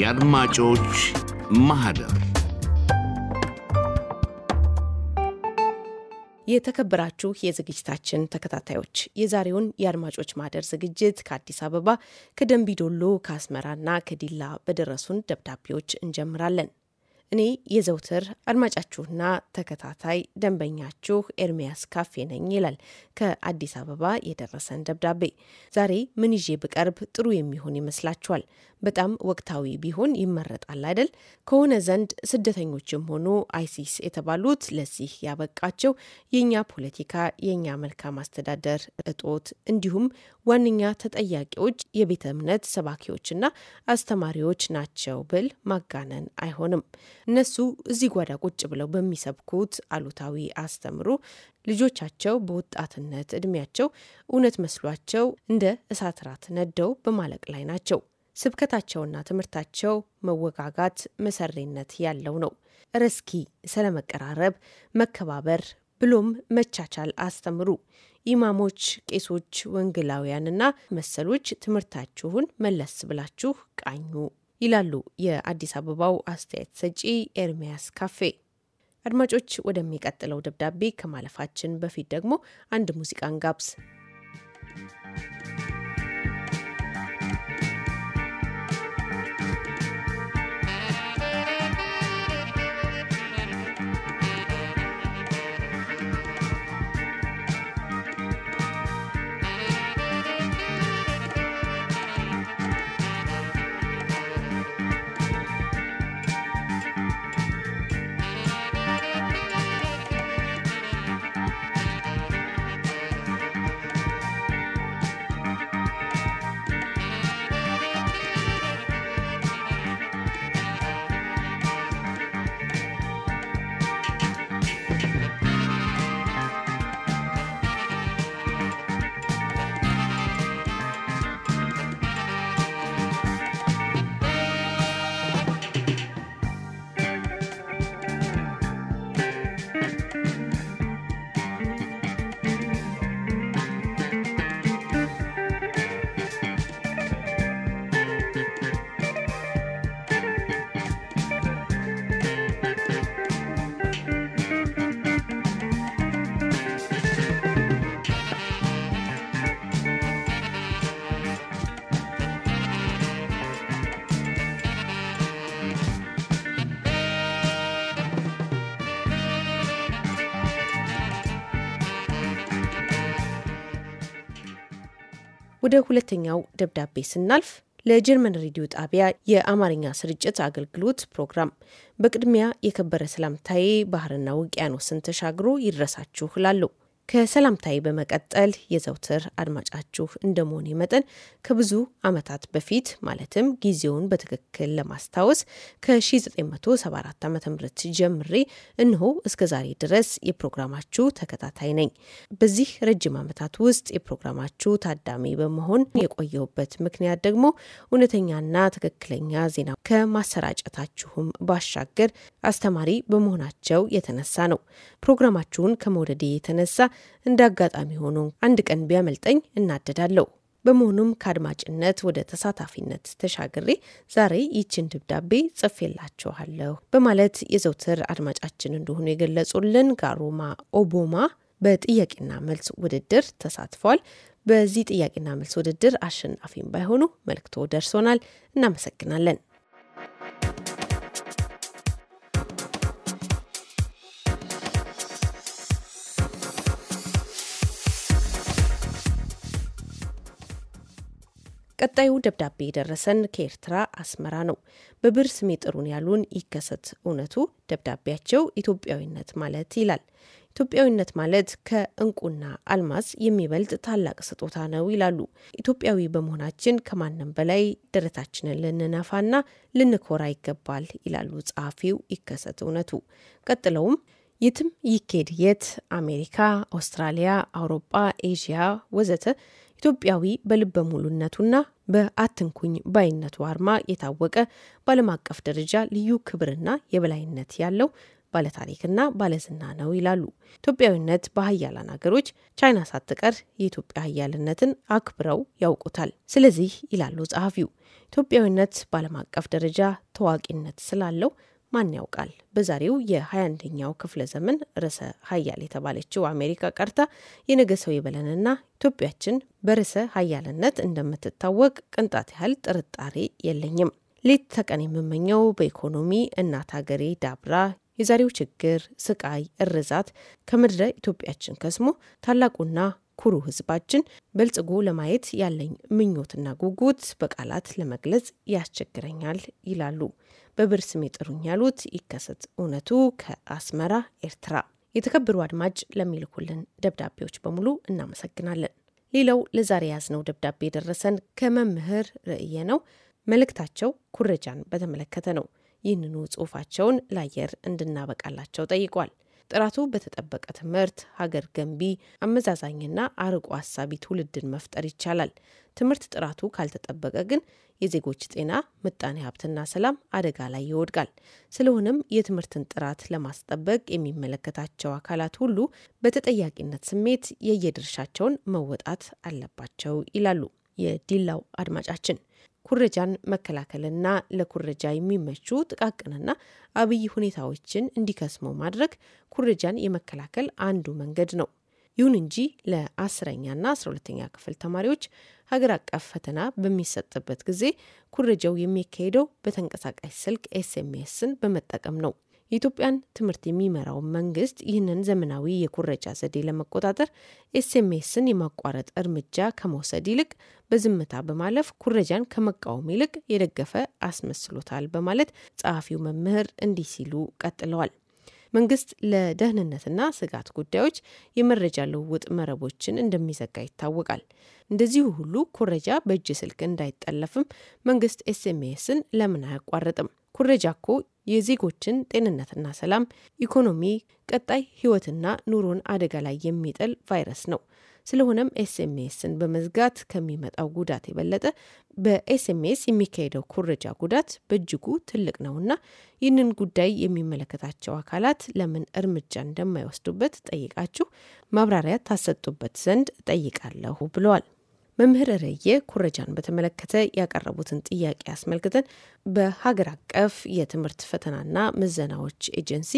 የአድማጮች ማህደር የተከበራችሁ የዝግጅታችን ተከታታዮች የዛሬውን የአድማጮች ማህደር ዝግጅት ከአዲስ አበባ፣ ከደንቢዶሎ፣ ከአስመራና ከዲላ በደረሱን ደብዳቤዎች እንጀምራለን። እኔ የዘውትር አድማጫችሁና ተከታታይ ደንበኛችሁ ኤርሚያስ ካፌ ነኝ ይላል ከአዲስ አበባ የደረሰን ደብዳቤ። ዛሬ ምን ይዤ ብቀርብ ጥሩ የሚሆን ይመስላችኋል? በጣም ወቅታዊ ቢሆን ይመረጣል አይደል? ከሆነ ዘንድ ስደተኞችም ሆኑ አይሲስ የተባሉት ለዚህ ያበቃቸው የእኛ ፖለቲካ፣ የእኛ መልካም አስተዳደር እጦት እንዲሁም ዋነኛ ተጠያቂዎች የቤተ እምነት ሰባኪዎችና አስተማሪዎች ናቸው ብል ማጋነን አይሆንም። እነሱ እዚህ ጓዳ ቁጭ ብለው በሚሰብኩት አሉታዊ አስተምሮ ልጆቻቸው በወጣትነት እድሜያቸው እውነት መስሏቸው እንደ እሳት ራት ነደው በማለቅ ላይ ናቸው። ስብከታቸውና ትምህርታቸው መወጋጋት መሰሪነት ያለው ነው። ረስኪ ስለመቀራረብ፣ መከባበር ብሎም መቻቻል አስተምሩ። ኢማሞች፣ ቄሶች፣ ወንግላውያንና መሰሎች ትምህርታችሁን መለስ ብላችሁ ቃኙ። ይላሉ የአዲስ አበባው አስተያየት ሰጪ ኤርሚያስ ካፌ። አድማጮች፣ ወደሚቀጥለው ደብዳቤ ከማለፋችን በፊት ደግሞ አንድ ሙዚቃን ጋብዝ። ወደ ሁለተኛው ደብዳቤ ስናልፍ ለጀርመን ሬዲዮ ጣቢያ የአማርኛ ስርጭት አገልግሎት ፕሮግራም በቅድሚያ የከበረ ሰላምታዬ ባህርና ውቅያኖስን ተሻግሮ ይድረሳችሁ እላለሁ። ከሰላምታዬ በመቀጠል የዘውትር አድማጫችሁ እንደመሆኔ መጠን ከብዙ ዓመታት በፊት ማለትም ጊዜውን በትክክል ለማስታወስ ከ1974 ዓ ም ጀምሬ እንሆ እስከ ዛሬ ድረስ የፕሮግራማችሁ ተከታታይ ነኝ። በዚህ ረጅም ዓመታት ውስጥ የፕሮግራማችሁ ታዳሚ በመሆን የቆየሁበት ምክንያት ደግሞ እውነተኛና ትክክለኛ ዜና ከማሰራጨታችሁም ባሻገር አስተማሪ በመሆናቸው የተነሳ ነው። ፕሮግራማችሁን ከመውደዴ የተነሳ እንደ አጋጣሚ ሆኖ አንድ ቀን ቢያመልጠኝ እናደዳለሁ። በመሆኑም ከአድማጭነት ወደ ተሳታፊነት ተሻግሬ ዛሬ ይችን ደብዳቤ ጽፌላችኋለሁ በማለት የዘውትር አድማጫችን እንደሆኑ የገለጹልን ጋሮማ ኦቦማ በጥያቄና መልስ ውድድር ተሳትፏል። በዚህ ጥያቄና መልስ ውድድር አሸናፊም ባይሆኑ መልክቶ ደርሶናል። እናመሰግናለን። ቀጣዩ ደብዳቤ የደረሰን ከኤርትራ አስመራ ነው። በብር ስም ጥሩን ያሉን ይከሰት እውነቱ ደብዳቤያቸው ኢትዮጵያዊነት ማለት ይላል። ኢትዮጵያዊነት ማለት ከእንቁና አልማዝ የሚበልጥ ታላቅ ስጦታ ነው ይላሉ። ኢትዮጵያዊ በመሆናችን ከማንም በላይ ደረታችንን ልንነፋና ልንኮራ ይገባል ይላሉ ጸሐፊው ይከሰት እውነቱ። ቀጥለውም የትም ይኬድ የት አሜሪካ፣ አውስትራሊያ፣ አውሮፓ፣ ኤዥያ ወዘተ ኢትዮጵያዊ በልበ ሙሉነቱና በአትንኩኝ ባይነቱ አርማ የታወቀ በዓለም አቀፍ ደረጃ ልዩ ክብርና የበላይነት ያለው ባለታሪክና ባለዝና ነው ይላሉ። ኢትዮጵያዊነት በሀያላን ሀገሮች ቻይና ሳትቀር የኢትዮጵያ ሀያልነትን አክብረው ያውቁታል። ስለዚህ ይላሉ ጸሐፊው ኢትዮጵያዊነት በዓለም አቀፍ ደረጃ ታዋቂነት ስላለው ማን ያውቃል በዛሬው የ21ኛው ክፍለ ዘመን ርዕሰ ሀያል የተባለችው አሜሪካ ቀርታ የነገሰው የበለንና ኢትዮጵያችን በርዕሰ ሀያልነት እንደምትታወቅ ቅንጣት ያህል ጥርጣሬ የለኝም። ሌት ተቀን የምመኘው በኢኮኖሚ እናት ሀገሬ ዳብራ የዛሬው ችግር፣ ስቃይ፣ እርዛት ከምድረ ኢትዮጵያችን ከስሞ ታላቁና ኩሩ ህዝባችን በልጽጎ ለማየት ያለኝ ምኞትና ጉጉት በቃላት ለመግለጽ ያስቸግረኛል ይላሉ። በብር ስም ይጥሩኝ ያሉት ይከሰት እውነቱ ከአስመራ ኤርትራ። የተከበሩ አድማጭ ለሚልኩልን ደብዳቤዎች በሙሉ እናመሰግናለን። ሌላው ለዛሬ ያዝነው ደብዳቤ የደረሰን ከመምህር ርዕየ ነው። መልእክታቸው ኩረጃን በተመለከተ ነው። ይህንኑ ጽሑፋቸውን ለአየር እንድናበቃላቸው ጠይቋል። ጥራቱ በተጠበቀ ትምህርት ሀገር ገንቢ አመዛዛኝና አርቆ አሳቢ ትውልድን መፍጠር ይቻላል። ትምህርት ጥራቱ ካልተጠበቀ ግን የዜጎች ጤና፣ ምጣኔ ሀብትና ሰላም አደጋ ላይ ይወድቃል። ስለሆነም የትምህርትን ጥራት ለማስጠበቅ የሚመለከታቸው አካላት ሁሉ በተጠያቂነት ስሜት የየድርሻቸውን መወጣት አለባቸው ይላሉ የዲላው አድማጫችን። ኩረጃን መከላከልና ለኩረጃ የሚመቹ ጥቃቅንና አብይ ሁኔታዎችን እንዲከስሙ ማድረግ ኩረጃን የመከላከል አንዱ መንገድ ነው። ይሁን እንጂ ለአስረኛና አስራ ሁለተኛ ክፍል ተማሪዎች ሀገር አቀፍ ፈተና በሚሰጥበት ጊዜ ኩረጃው የሚካሄደው በተንቀሳቃሽ ስልክ ኤስኤምኤስን በመጠቀም ነው። የኢትዮጵያን ትምህርት የሚመራው መንግስት ይህንን ዘመናዊ የኩረጃ ዘዴ ለመቆጣጠር ኤስኤምኤስን የማቋረጥ እርምጃ ከመውሰድ ይልቅ በዝምታ በማለፍ ኩረጃን ከመቃወም ይልቅ የደገፈ አስመስሎታል በማለት ጸሐፊው መምህር እንዲህ ሲሉ ቀጥለዋል። መንግስት ለደህንነትና ስጋት ጉዳዮች የመረጃ ልውውጥ መረቦችን እንደሚዘጋ ይታወቃል። እንደዚሁ ሁሉ ኩረጃ በእጅ ስልክ እንዳይጠለፍም መንግስት ኤስኤምኤስን ለምን አያቋርጥም? ኩረጃኮ የዜጎችን ጤንነትና ሰላም፣ ኢኮኖሚ፣ ቀጣይ ህይወትና ኑሮን አደጋ ላይ የሚጥል ቫይረስ ነው። ስለሆነም ኤስኤምኤስን በመዝጋት ከሚመጣው ጉዳት የበለጠ በኤስኤምኤስ የሚካሄደው ኩረጃ ጉዳት በእጅጉ ትልቅ ነውና ይህንን ጉዳይ የሚመለከታቸው አካላት ለምን እርምጃ እንደማይወስዱበት ጠይቃችሁ ማብራሪያ ታሰጡበት ዘንድ ጠይቃለሁ ብለዋል። መምህር ረየ ኩረጃን በተመለከተ ያቀረቡትን ጥያቄ አስመልክተን በሀገር አቀፍ የትምህርት ፈተናና ምዘናዎች ኤጀንሲ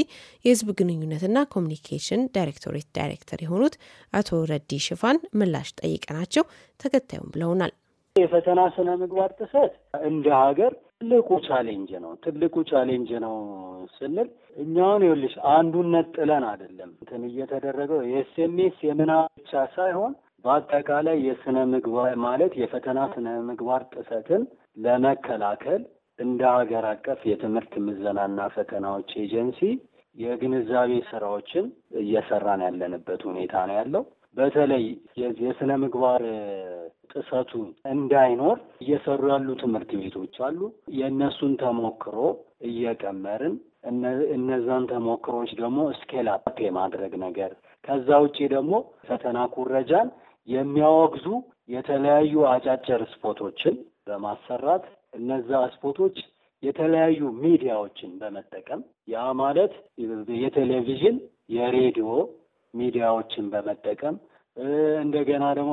የህዝብ ግንኙነትና ኮሚኒኬሽን ዳይሬክቶሬት ዳይሬክተር የሆኑት አቶ ረዲ ሽፋን ምላሽ ጠይቀናቸው ተከታዩም ብለውናል። የፈተና ስነ ምግባር ጥሰት እንደ ሀገር ትልቁ ቻሌንጅ ነው። ትልቁ ቻሌንጅ ነው ስንል እኛውን ይኸውልሽ አንዱን ነጥለን አይደለም እንትን እየተደረገው የኤስኤምኤስ የምና ብቻ ሳይሆን በአጠቃላይ የስነ ምግባር ማለት የፈተና ስነ ምግባር ጥሰትን ለመከላከል እንደ ሀገር አቀፍ የትምህርት ምዘናና ፈተናዎች ኤጀንሲ የግንዛቤ ስራዎችን እየሰራን ያለንበት ሁኔታ ነው ያለው። በተለይ የስነ ምግባር ጥሰቱ እንዳይኖር እየሰሩ ያሉ ትምህርት ቤቶች አሉ። የእነሱን ተሞክሮ እየቀመርን እነዛን ተሞክሮዎች ደግሞ ስኬል አፕ የማድረግ ነገር ከዛ ውጪ ደግሞ ፈተና ኩረጃን የሚያወግዙ የተለያዩ አጫጭር ስፖቶችን በማሰራት እነዛ ስፖቶች የተለያዩ ሚዲያዎችን በመጠቀም ያ ማለት የቴሌቪዥን የሬዲዮ ሚዲያዎችን በመጠቀም እንደገና ደግሞ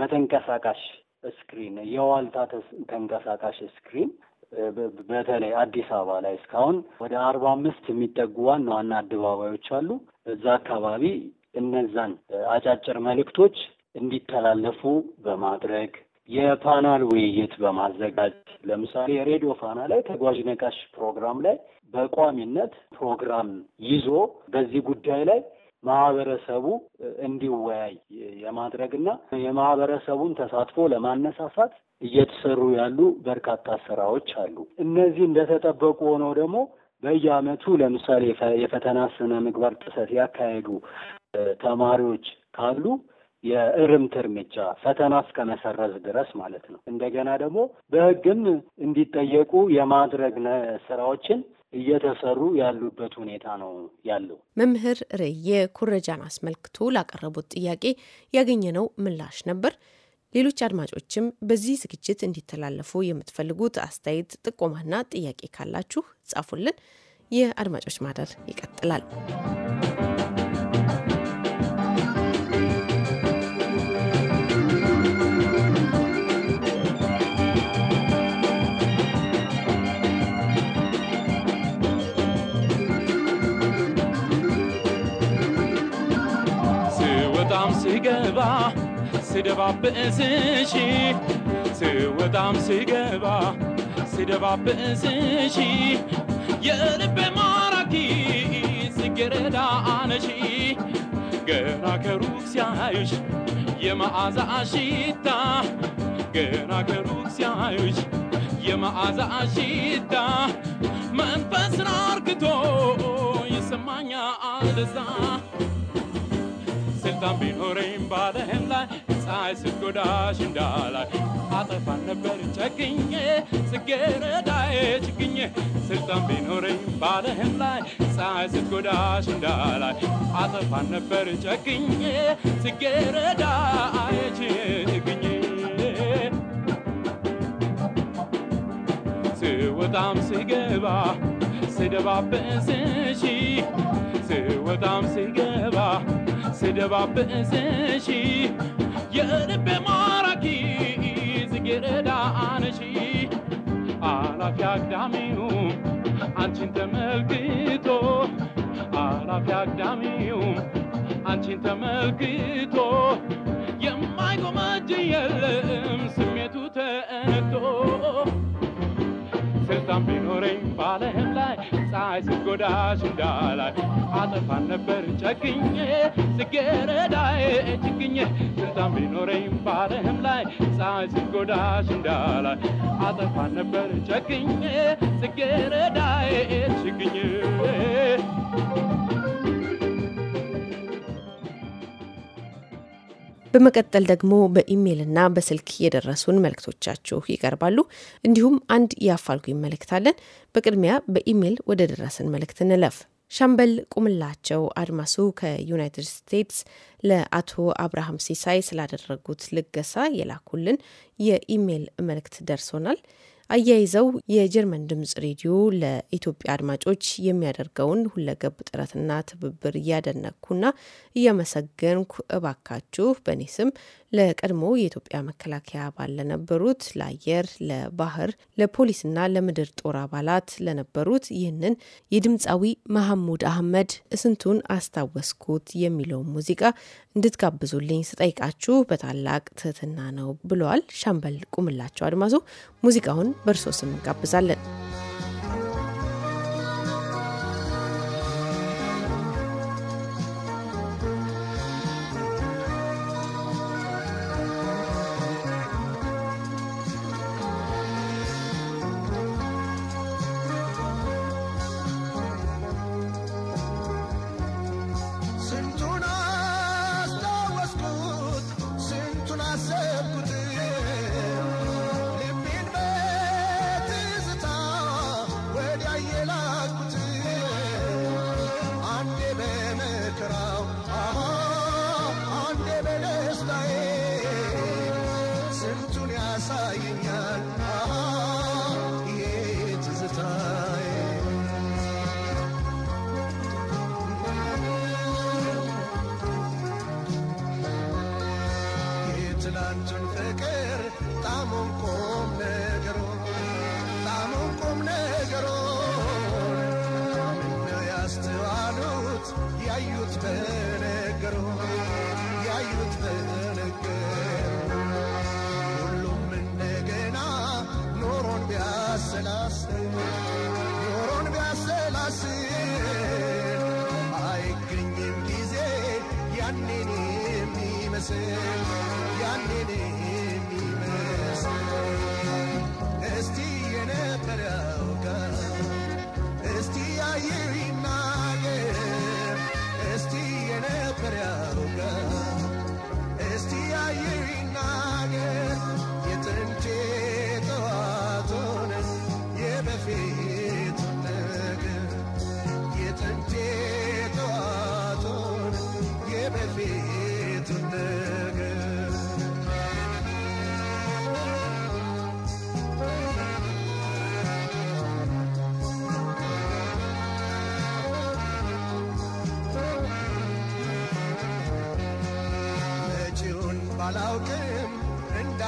በተንቀሳቃሽ ስክሪን የዋልታ ተንቀሳቃሽ ስክሪን በተለይ አዲስ አበባ ላይ እስካሁን ወደ አርባ አምስት የሚጠጉ ዋና ዋና አደባባዮች አሉ። እዛ አካባቢ እነዛን አጫጭር መልእክቶች እንዲተላለፉ በማድረግ የፓናል ውይይት በማዘጋጀት ለምሳሌ የሬዲዮ ፋና ላይ ተጓዥ ነቃሽ ፕሮግራም ላይ በቋሚነት ፕሮግራም ይዞ በዚህ ጉዳይ ላይ ማህበረሰቡ እንዲወያይ የማድረግና የማህበረሰቡን ተሳትፎ ለማነሳሳት እየተሰሩ ያሉ በርካታ ስራዎች አሉ። እነዚህ እንደተጠበቁ ሆነው ደግሞ በየዓመቱ ለምሳሌ የፈተና ስነ ምግባር ጥሰት ያካሄዱ ተማሪዎች ካሉ የእርምት እርምጃ ፈተና እስከመሰረዝ ድረስ ማለት ነው። እንደገና ደግሞ በህግም እንዲጠየቁ የማድረግ ስራዎችን እየተሰሩ ያሉበት ሁኔታ ነው ያለው። መምህር ርዕይ የኩረጃን አስመልክቶ ላቀረቡት ጥያቄ ያገኘነው ምላሽ ነበር። ሌሎች አድማጮችም በዚህ ዝግጅት እንዲተላለፉ የምትፈልጉት አስተያየት፣ ጥቆማና ጥያቄ ካላችሁ ጻፉልን። የአድማጮች ማደር ይቀጥላል። ስባ ስደባብስሺ ስወጣም ስገባ ስደባብስሺ የልቤ ማራኪ ጽጌረዳ አነሺ ገና ከሩቅ ሲያዩሽ የመዓዛ ሽታ ገና ከሩቅ ሲያዩሽ የመዓዛ ሽታ መንፈስን አርክቶ ይሰማኛ አልዛ ዳምቤን ሆሬም ባለ ላይ ፀሐይ ስትጎዳሽ እንዳላይ አጠፋን ነበር ጨግኜ ጽጌረዳዬ ችግኜ ስል ዳምቤን ሆሬም ባለ ላይ ፀሐይ ስትጎዳሽ እንዳላይ አጠፋን ነበር ጨግኜ ጽጌረዳዬ ችግኜ ስወጣም ስገባ ስደባብስሽ ስወጣም ስገባ ስደባብስሽ የልቤ ማራኪ ዝጌረዳ አነሺ አላፊ አግዳሚው አንቺን ተመልክቶ አላፊ አግዳሚው አንቺን ተመልክቶ የማይጎመጅ የለ ሰማይ ስጎዳሽ እንዳላይ አጠፋን ነበር ጨክኜ ጽጌረዳዬ ችግኜ ስንታም ቢኖረኝ ባለህም ላይ ፀሐይ ስጎዳሽ እንዳላይ አጠፋን ነበር ጨክኜ ጽጌረዳዬ ችግኜ በመቀጠል ደግሞ በኢሜይልና በስልክ የደረሱን መልእክቶቻችሁ ይቀርባሉ። እንዲሁም አንድ የአፋልጉኝ መልእክት አለን። በቅድሚያ በኢሜይል ወደ ደረሰን መልእክት እንለፍ። ሻምበል ቁምላቸው አድማሱ ከዩናይትድ ስቴትስ ለአቶ አብርሃም ሲሳይ ስላደረጉት ልገሳ የላኩልን የኢሜይል መልእክት ደርሶናል። አያይዘው የጀርመን ድምጽ ሬዲዮ ለኢትዮጵያ አድማጮች የሚያደርገውን ሁለገብ ጥረትና ትብብር እያደነኩና እያመሰገንኩ እባካችሁ በእኔ ስም ለቀድሞ የኢትዮጵያ መከላከያ አባል ለነበሩት ለአየር፣ ለባህር፣ ለፖሊስና ለምድር ጦር አባላት ለነበሩት ይህንን የድምፃዊ መሐሙድ አህመድ እስንቱን አስታወስኩት የሚለውን ሙዚቃ እንድትጋብዙልኝ ስጠይቃችሁ በታላቅ ትህትና ነው ብለዋል ሻምበል ቁምላቸው አድማሶ ሙዚቃውን በእርሶ ስም እንጋብዛለን። Johnson, fake.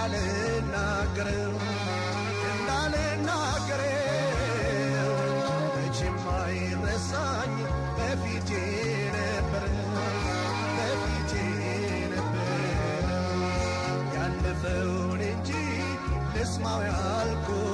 እንዳልናገረው እንዳልናገረው መቼም አይረሳኝ በፊቴ በፊቴ ያለፈውን እንጂ ልስማው ያልኩት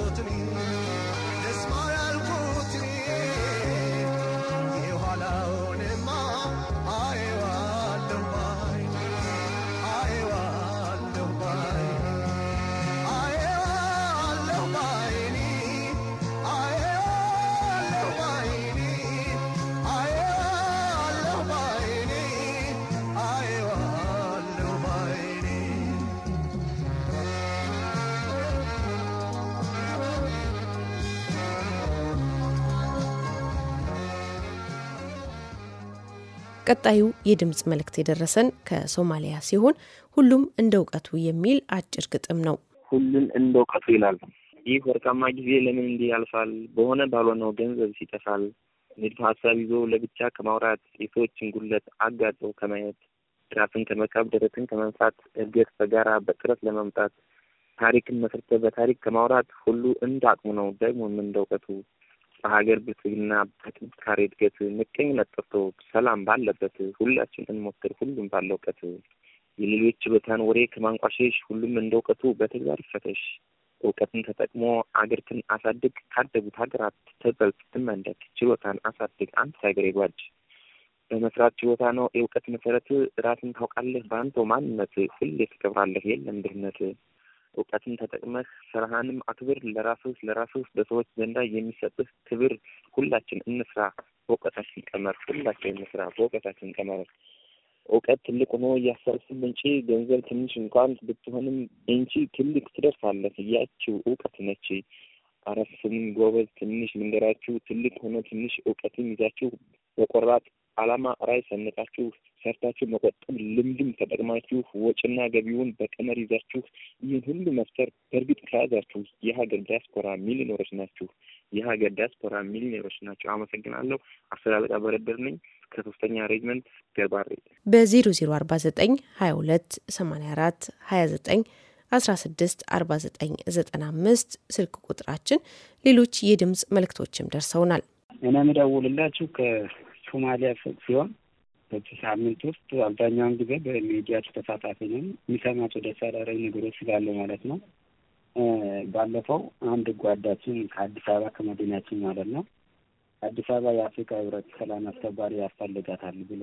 ቀጣዩ የድምፅ መልእክት የደረሰን ከሶማሊያ ሲሆን ሁሉም እንደ እውቀቱ የሚል አጭር ግጥም ነው። ሁሉም እንደ እውቀቱ ይላል። ይህ ወርቃማ ጊዜ ለምን እንዲህ ያልፋል? በሆነ ባልሆነው ገንዘብ ሲጠፋል። ንድፈ ሀሳብ ይዞ ለብቻ ከማውራት የሰዎችን ጉለት አጋጠው ከማየት ራስን ከመካብ ደረትን ከመንፋት እድገት በጋራ በጥረት ለመምጣት ታሪክን መስርተ በታሪክ ከማውራት ሁሉ እንደ አቅሙ ነው ደግሞ እንደ እውቀቱ በሀገር ብልጽግና በጥንካሬ እድገት ምቀኝ ጠፍቶ ሰላም ባለበት ሁላችን እንሞክር። ሁሉም ባለ እውቀት የሌሎች በታን ወሬ ከማንቋሸሽ ሁሉም እንደ እውቀቱ በተግባር ይፈተሽ። እውቀትን ተጠቅሞ አገርትን አሳድግ። ካደጉት ሀገራት ተበልጥ ትመንደግ። ችሎታን አሳድግ አንድ ሳይገር ጓጅ በመስራት ችሎታ ነው የእውቀት መሰረት። ራስን ታውቃለህ በአንተው ማንነት። ሁሌ ትከብራለህ የለም ድህነት እውቀትን ተጠቅመህ ስራህንም አክብር። ለራስህ ለራስህ በሰዎች ዘንዳ የሚሰጥህ ክብር ሁላችን እንስራ። በእውቀታችን ቀመር ሁላችን እንስራ። በእውቀታችን ቀመር እውቀት ትልቅ ሆኖ እያሰብስብ እንጪ ገንዘብ ትንሽ እንኳን ብትሆንም እንቺ ትልቅ ትደርሳለህ። ያችው እውቀት ነች። አረፍም ጎበዝ ትንሽ ልንገራችሁ፣ ትልቅ ሆኖ ትንሽ እውቀትም ይዛችሁ በቆራጥ አላማ ራይ ሰንቃችሁ ሰርታችሁ መቆጠብ ልምድም ተጠቅማችሁ ወጭና ገቢውን በቀመር ይዛችሁ ይህን ሁሉ መፍጠር በእርግጥ ከያዛችሁ የሀገር ዲያስፖራ ሚሊዮነሮች ናችሁ። የሀገር ዲያስፖራ ሚሊዮነሮች ናቸው። አመሰግናለሁ። አስተላለቃ በረደር ነኝ ከሶስተኛ አሬንጅመንት ገባሬ በዜሮ ዜሮ አርባ ዘጠኝ ሀያ ሁለት ሰማኒያ አራት ሀያ ዘጠኝ አስራ ስድስት አርባ ዘጠኝ ዘጠና አምስት ስልክ ቁጥራችን ሌሎች የድምጽ መልእክቶችም ደርሰውናል። እኔ የምደውልላችሁ ሶማሊያ ሲሆን በዚህ ሳምንት ውስጥ አብዛኛውን ጊዜ በሚዲያ ተሳታፊ ነኝ። የሚሰማት ወደ ሰራራዊ ነገሮች ስላለ ማለት ነው። ባለፈው አንድ ጓዳችን ከአዲስ አበባ ከመዲናችን ማለት ነው አዲስ አበባ የአፍሪካ ህብረት ሰላም አስከባሪ ያስፈልጋታል ብሎ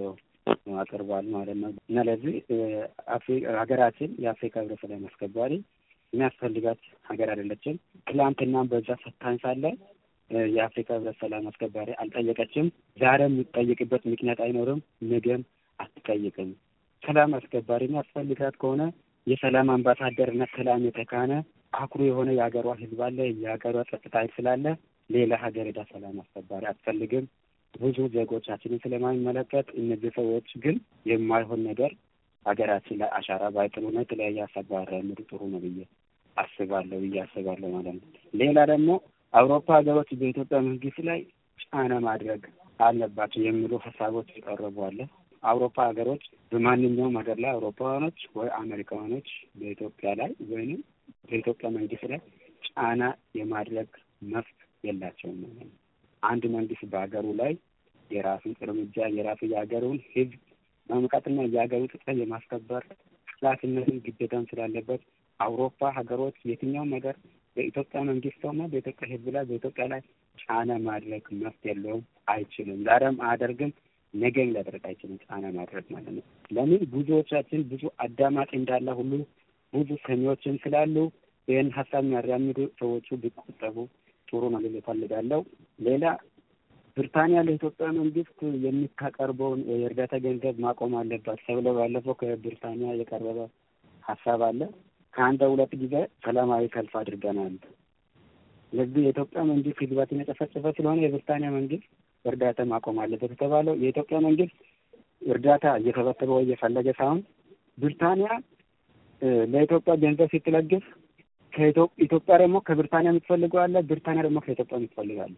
አቅርቧል ማለት ነው። እና ለዚህ ሀገራችን የአፍሪካ ህብረት ሰላም አስከባሪ የሚያስፈልጋት ሀገር አይደለችም። ትላንትና በዛ ፈታኝ ሳለ የአፍሪካ ህብረት ሰላም አስከባሪ አልጠየቀችም። ዛሬ የሚጠይቅበት ምክንያት አይኖርም። ነገም አትጠይቅም። ሰላም አስከባሪና አስፈልጋት ከሆነ የሰላም አምባሳደርነት ሰላም የተካነ አኩሪ የሆነ የሀገሯ ህዝብ አለ። የሀገሯ ጸጥታ ኃይል ስላለ ሌላ ሀገር ሄዳ ሰላም አስከባሪ አትፈልግም። ብዙ ዜጎቻችንን ስለማይመለከት እነዚህ ሰዎች ግን የማይሆን ነገር ሀገራችን ላይ አሻራ ባይጥሉ ባይጥሉና የተለያየ አሳባራ ምሩ ጥሩ ነው ብዬ አስባለሁ ብዬ አስባለሁ ማለት ነው። ሌላ ደግሞ አውሮፓ ሀገሮች በኢትዮጵያ መንግስት ላይ ጫና ማድረግ አለባቸው የሚሉ ሀሳቦች የቀረቡ አለ። አውሮፓ ሀገሮች በማንኛውም ሀገር ላይ አውሮፓውያኖች ወይ አሜሪካውያኖች በኢትዮጵያ ላይ ወይም በኢትዮጵያ መንግስት ላይ ጫና የማድረግ መፍት የላቸውም። አንድ መንግስት በሀገሩ ላይ የራሱን እርምጃ የራሱ የሀገሩን ህዝብ መምቃትና የሀገሩ ጥቅም የማስከበር ኃላፊነትን ግዴታም ስላለበት አውሮፓ ሀገሮች የትኛውም ነገር በኢትዮጵያ መንግስት ሆነ በኢትዮጵያ ህዝብ ላይ በኢትዮጵያ ላይ ጫና ማድረግ መፍት የለውም፣ አይችልም። ዛሬም አያደርግም፣ ነገም ሊያደርግ አይችልም። ጫና ማድረግ ማለት ነው። ለምን ብዙዎቻችን ብዙ አዳማጭ እንዳለ ሁሉ ብዙ ሰሚዎችን ስላሉ ይህን ሀሳብ የሚያራምዱ ሰዎቹ ቢቆጠቡ ጥሩ ነው ልል እፈልጋለሁ። ሌላ ብሪታንያ ለኢትዮጵያ መንግስት የምታቀርበውን የእርዳታ ገንዘብ ማቆም አለባት ተብሎ ባለፈው ከብሪታንያ የቀረበ ሀሳብ አለ። ከአንድ ሁለት ጊዜ ሰላማዊ ሰልፍ አድርገናል። ለዚህ የኢትዮጵያ መንግስት ህዝባት የጨፈጨፈ ስለሆነ የብሪታንያ መንግስት እርዳታ ማቆም አለበት የተባለው የኢትዮጵያ መንግስት እርዳታ እየተበተበ ወይ እየፈለገ ሳይሆን ብሪታንያ ለኢትዮጵያ ገንዘብ ስትለግፍ ከኢትዮጵያ ደግሞ ከብሪታንያ የምትፈልገው አለ፣ ብሪታንያ ደግሞ ከኢትዮጵያ የምትፈልጋለ።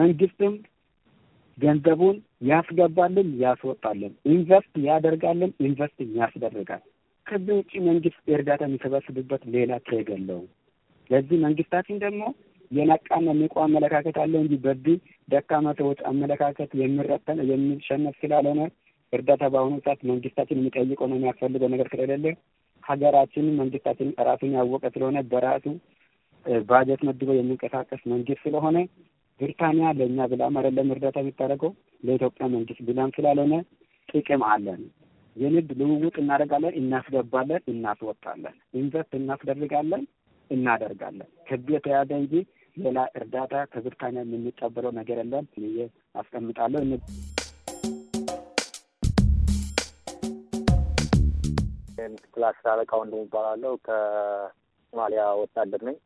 መንግስትም ገንዘቡን ያስገባልን፣ ያስወጣልን፣ ኢንቨስት ያደርጋልን፣ ኢንቨስት ያስደርጋል። ከዚህ ውጭ መንግስት እርዳታ የሚሰበስብበት ሌላ ትግ የለውም። ለዚህ መንግስታችን ደግሞ የነቃና ንቁ አመለካከት አለው እንጂ በዚህ ደካማ ሰዎች አመለካከት የሚረተን የሚሸነፍ ስላልሆነ እርዳታ በአሁኑ ሰዓት መንግስታችን የሚጠይቀው ነው የሚያስፈልገው ነገር ስለሌለ ሀገራችን መንግስታችን ራሱን ያወቀ ስለሆነ በራሱ ባጀት መድቦ የሚንቀሳቀስ መንግስት ስለሆነ ብሪታንያ ለእኛ ብላም አይደለም እርዳታ የሚታደርገው ለኢትዮጵያ መንግስት ብላም ስላልሆነ ጥቅም አለን። የንግድ ልውውጥ እናደርጋለን፣ እናስገባለን፣ እናስወጣለን፣ ኢንቨስት እናስደርጋለን፣ እናደርጋለን። ከዚህ የተያዘ እንጂ ሌላ እርዳታ ከብሪታንያ የምንቀበለው ነገር የለም ብዬ አስቀምጣለሁ። ምክትል አስር አለቃ ወንድሙ እባላለሁ። ከሶማሊያ ወታደር ነኝ።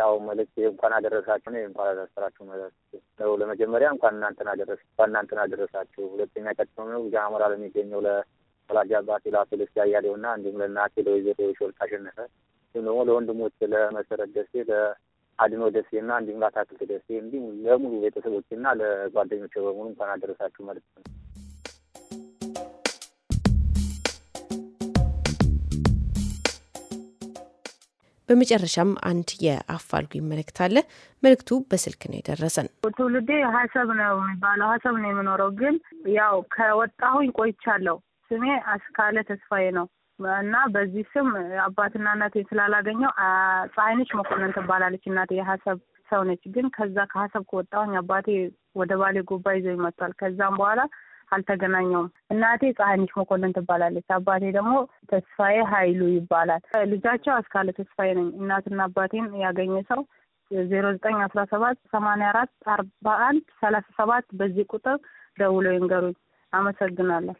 ያው መልእክት እንኳን አደረሳችሁ ነው። እንኳን አደረሳችሁ መልእክት ለመጀመሪያ እንኳን እናንተን አደረስ እንኳን እናንተን አደረሳችሁ። ሁለተኛ ቀጥሎ ነው እዚያ አሞራ ለሚገኘው ለወላጅ አባቴ ለአቶ ልስ ያያሌው እና እንዲሁም ለእናቴ ለወይዘሮ ሾልክ አሸነፈ እንዲሁም ደግሞ ለወንድሞች ለመሰረት ደሴ፣ ለአድኖ ደሴ እና እንዲሁም ለአታክልት ደሴ እንዲሁም ለሙሉ ቤተሰቦች እና ለጓደኞች በሙሉ እንኳን አደረሳችሁ ማለት ነው። በመጨረሻም አንድ የአፋልጉኝ መልእክት አለ። መልእክቱ በስልክ ነው የደረሰን። ትውልዴ ሀሰብ ነው የሚባለው ሀሰብ ነው የምኖረው፣ ግን ያው ከወጣሁኝ ቆይቻለሁ። ስሜ አስካለ ተስፋዬ ነው እና በዚህ ስም አባትና እናቴን ስላላገኘው ፀሐይነች መኮንን ትባላለች። እናቴ የሀሰብ ሰው ነች። ግን ከዛ ከሀሰብ ከወጣሁኝ አባቴ ወደ ባሌ ጎባ ይዘው ይመጥቷል። ከዛም በኋላ አልተገናኘውም። እናቴ ፀሐይነች መኮንን ትባላለች። አባቴ ደግሞ ተስፋዬ ሀይሉ ይባላል። ልጃቸው አስካለ ተስፋዬ ነኝ። እናትና አባቴን ያገኘ ሰው ዜሮ ዘጠኝ አስራ ሰባት ሰማንያ አራት አርባ አንድ ሰላሳ ሰባት በዚህ ቁጥር ደውለው ይንገሩኝ። አመሰግናለሁ።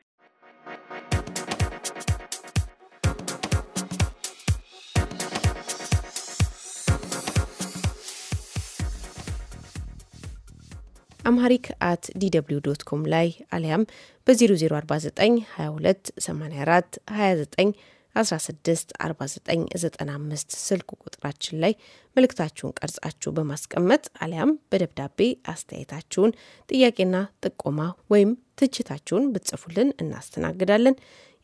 አምሃሪክ አት ዲደብሊው ዶት ኮም ላይ አሊያም በ009228429164995 ስልክ ቁጥራችን ላይ መልእክታችሁን ቀርጻችሁ በማስቀመጥ አሊያም በደብዳቤ አስተያየታችሁን፣ ጥያቄና ጥቆማ ወይም ትችታችሁን ብትጽፉልን እናስተናግዳለን።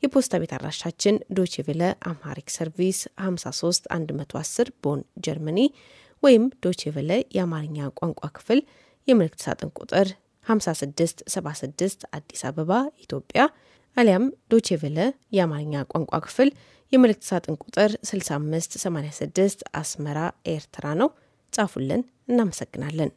የፖስታ ቤት አድራሻችን ዶችቬለ አምሃሪክ ሰርቪስ 53 110 ቦን ጀርመኒ ወይም ዶችቬለ የአማርኛ ቋንቋ ክፍል የምልክት ሳጥን ቁጥር 5676 አዲስ አበባ ኢትዮጵያ አሊያም ዶቼቬለ የአማርኛ ቋንቋ ክፍል የምልክት ሳጥን ቁጥር 6586 አስመራ ኤርትራ ነው። ጻፉልን። እናመሰግናለን።